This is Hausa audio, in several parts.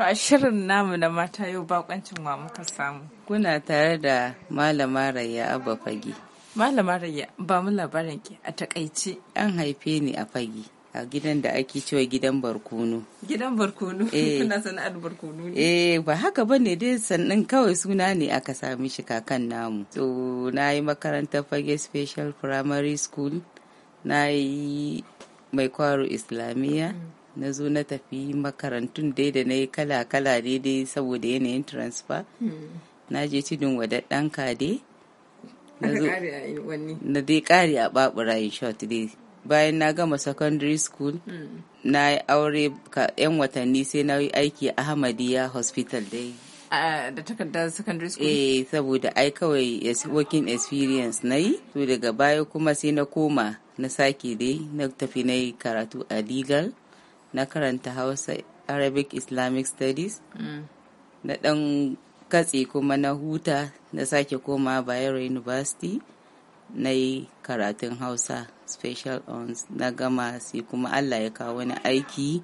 To a shirin namu na mata yau bakwancin wa muka samu. Kuna tare da Malama Rayya Abba fagi. Malama Rayya ba mu labarin ki a takaice. An haife ni a fagi, a gidan da ake cewa gidan barkono. Gidan barkono? Eh. Kuna sana'ar barkono ne? Eh, ba haka ba ne dai sannan kawai suna ne aka sami shi kakan namu. To, na yi makarantar Fage Special Primary School, na yi mai kwaro Islamiyya. Mm. na zo na tafi makarantun dai da na yi kala-kala daidai saboda yanayin transfer hmm. na je tudun wadaddan kade na dai kare a babura in short dai bayan na gama secondary school hmm. na yi aure yan watanni sai na yi aiki a ahmadiyya hospital dai da takardar secondary school? Eh, saboda ai kawai working experience na yi. To daga baya kuma sai na koma na sake dai na tafi na yi karatu a legal na karanta hausa arabic islamic studies mm. na ɗan katse kuma na huta na sake koma bayero university na yi karatun hausa special ons na gama sai kuma allah ya kawo wani aiki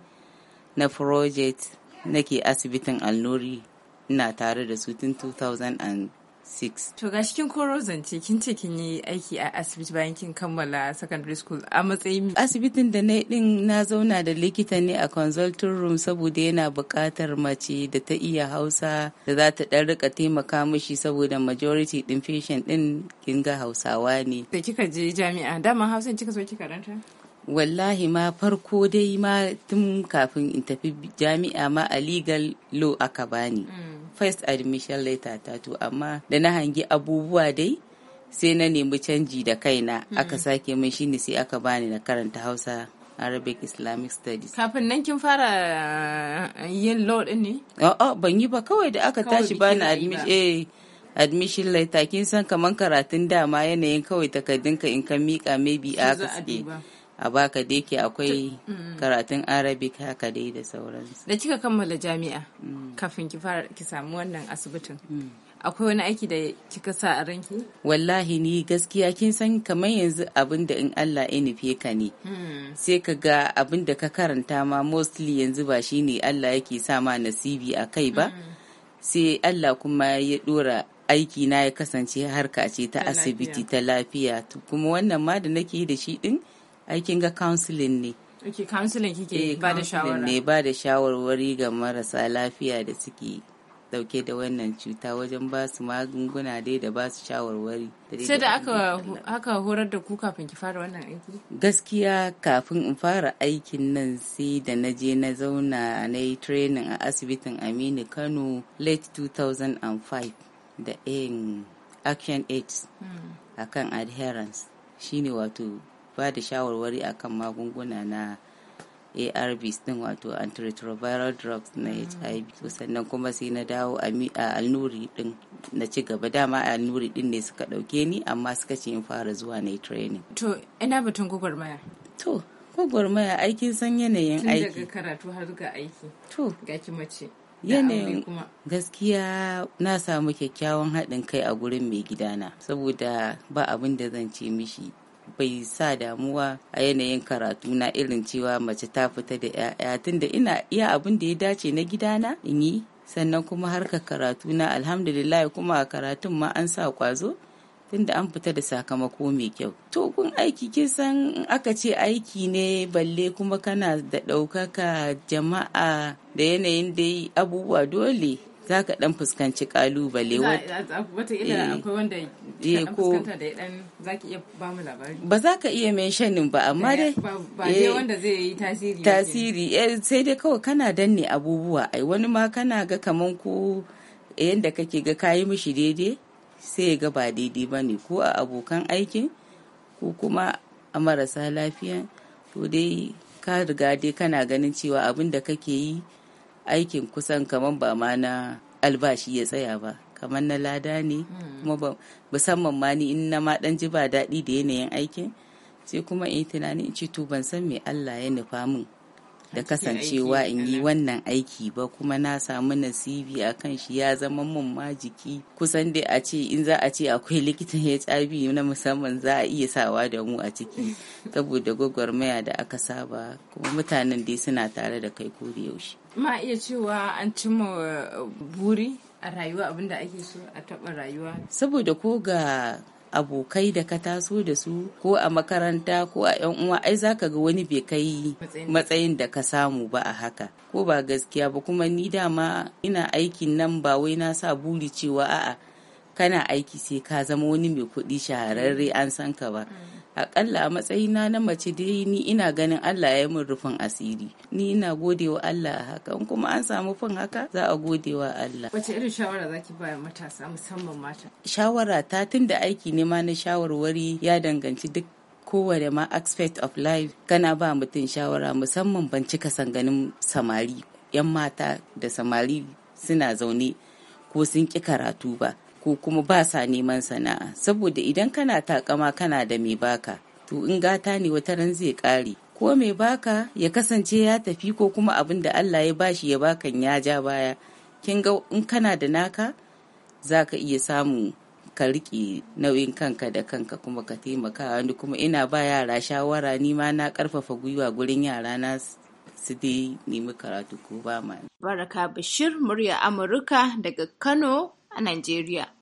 na project nake asibitin alnuri ina tare da su tun 2000 6. To ga cikin koro zance kin ce kin yi aiki a asibiti bayan kin kammala secondary school a matsayin asibitin da na din na zauna da likita ne a consulting room saboda yana bukatar mace da ta iya Hausa da za ta dan rika taimaka mishi saboda majority din patient din kin ga Hausawa ne. Da kika je jami'a dama Hausa kika so kika ranta? wallahi ma farko dai ma tun kafin in tafi jami'a ma a legal law aka bani mm. first admission letter ta to amma da na hangi abubuwa dai sai na nemi canji da kaina mm. aka sake min shine sai aka bani na karanta hausa Arabic Islamic Studies. Kafin nan kin fara eh, yin law din ne? A'a ban yi ba kawai da aka tashi bani admission eh admission letter kin san kaman karatun dama yanayin kawai takardunka in ka mika maybe a haka a baka deke akwai mm. karatun arabic haka dai da sauransu da kika kammala jami'a mm. kafin ki ki samu wannan asibitin mm. akwai wani aiki da kika sa a ranki wallahi ni gaskiya kin san kamar yanzu abin da in Allah ya nufe ka ne sai ka ga abin da ka karanta ma mostly yanzu ba shine Allah yake sa ma nasibi a kai ba sai Allah kuma ya dora aiki na ya kasance harka ce ta asibiti ta lafiya kuma wannan ma da nake da shi din aikin ga counseling ne Okay, counseling kike eh, ba da shawara. ne ba da shawarwari ga marasa lafiya da suke dauke da wannan cuta wajen ba su magunguna dai da ba su shawarwari. Sai da aka horar da ku kafin ki fara wannan aiki? Gaskiya kafin in fara aikin nan sai da na je na zauna na yi training a asibitin Aminu Kano late 2005 da in Action Aids hmm. akan adherence shine wato ba da shawarwari akan magunguna na ARVs din wato antiretroviral drugs na mm. HIV sannan kuma sai na dawo a alnuri din na ci gaba dama a alnuri din ne suka dauke ni amma suka ce in fara zuwa na training to ina batun gwagwarmaya to gwagwarmaya aikin san yanayin aiki tun daga karatu har ga aiki to ga ki mace yanayin gaskiya na samu kyakkyawan haɗin kai a gurin mai gidana saboda ba abin da zan ce mishi bai sa damuwa a yanayin karatu na irin cewa mace ta fita da 'ya'ya tunda ina iya abin da ya dace na gidana in yi sannan kuma harkar karatu na alhamdulillah kuma a karatun ma an sa kwazo tunda an fita da sakamako mai kyau to kun aiki kin san aka ce aiki ne balle kuma kana da ɗaukaka jama'a da yanayin dai abubuwa dole za ka dan fuskanci kalubale eh. akwai wanda ba za ka iya menshanin ba amma eh, dai ba dai eh. wanda zai yi tasiri sai dai kawai kana danne abubuwa ai wani ma kana ga kaman ko yanda kake ga kayi mishi daidai sai ga ba daidai ba ne ko a abokan aikin ko kuma a marasa lafiya to dai ka riga dai kana ganin cewa abin da kake yi aikin kusan kamar ba ma na albashi ya tsaya ba kamar na lada ne hmm. kuma ba musamman ma ni in na ma dan ji ba daɗi da yanayin aikin sai kuma in yi tunanin in to ban san me Allah ya nufa min da kasancewa in yi wannan aiki ba kuma na samu nasibi a kan shi ya zama mun ma jiki kusan dai a ce in za a ce akwai likitan HIV na musamman za a iya sawa da mu a ciki saboda gwagwarmaya da aka saba kuma mutanen dai suna tare da kai ko da yaushe ma iya cewa an cimma uh, buri a rayuwa abinda ake so a taɓa rayuwa saboda ko ga abokai da ka taso da su ko a makaranta ko a yan uwa ai zaka ga wani bai kai matsayin da ka samu ba a haka ko ba gaskiya ba kuma ni dama ina aikin nan ba wai na sa buri cewa a'a kana aiki sai ka zama wani mai kuɗi shahararre an san ka ba. Mm. akalla a matsayina na mace dai ni ina ganin Allah ya yi min rufin asiri ni ina gode wa Allah haka in kuma an samu fin haka za a gode wa Allah wace irin shawara zaki ba matasa musamman mata shawara ta tunda aiki ne ma na shawarwari ya danganci duk kowane ma aspect of life kana ba mutum shawara musamman ban cika sanganin samari yan mata da samari suna zaune ko sun ƙi karatu ba ko kuma ba sa neman sana'a saboda idan kana takama kana da mai baka to in gata ne wata ran zai kare ko mai baka ya kasance ya tafi ko kuma abin da Allah ya bashi ya bakan ya ja baya kin ga in kana da naka zaka iya samu ka riƙe nauyin kanka da kanka kuma ka taimaka wani kuma ina ba yara shawara ni ma na karfafa gwiwa gurin yara na su dai nemi karatu ko ba ma. Baraka Bashir murya Amurka daga Kano a Najeriya.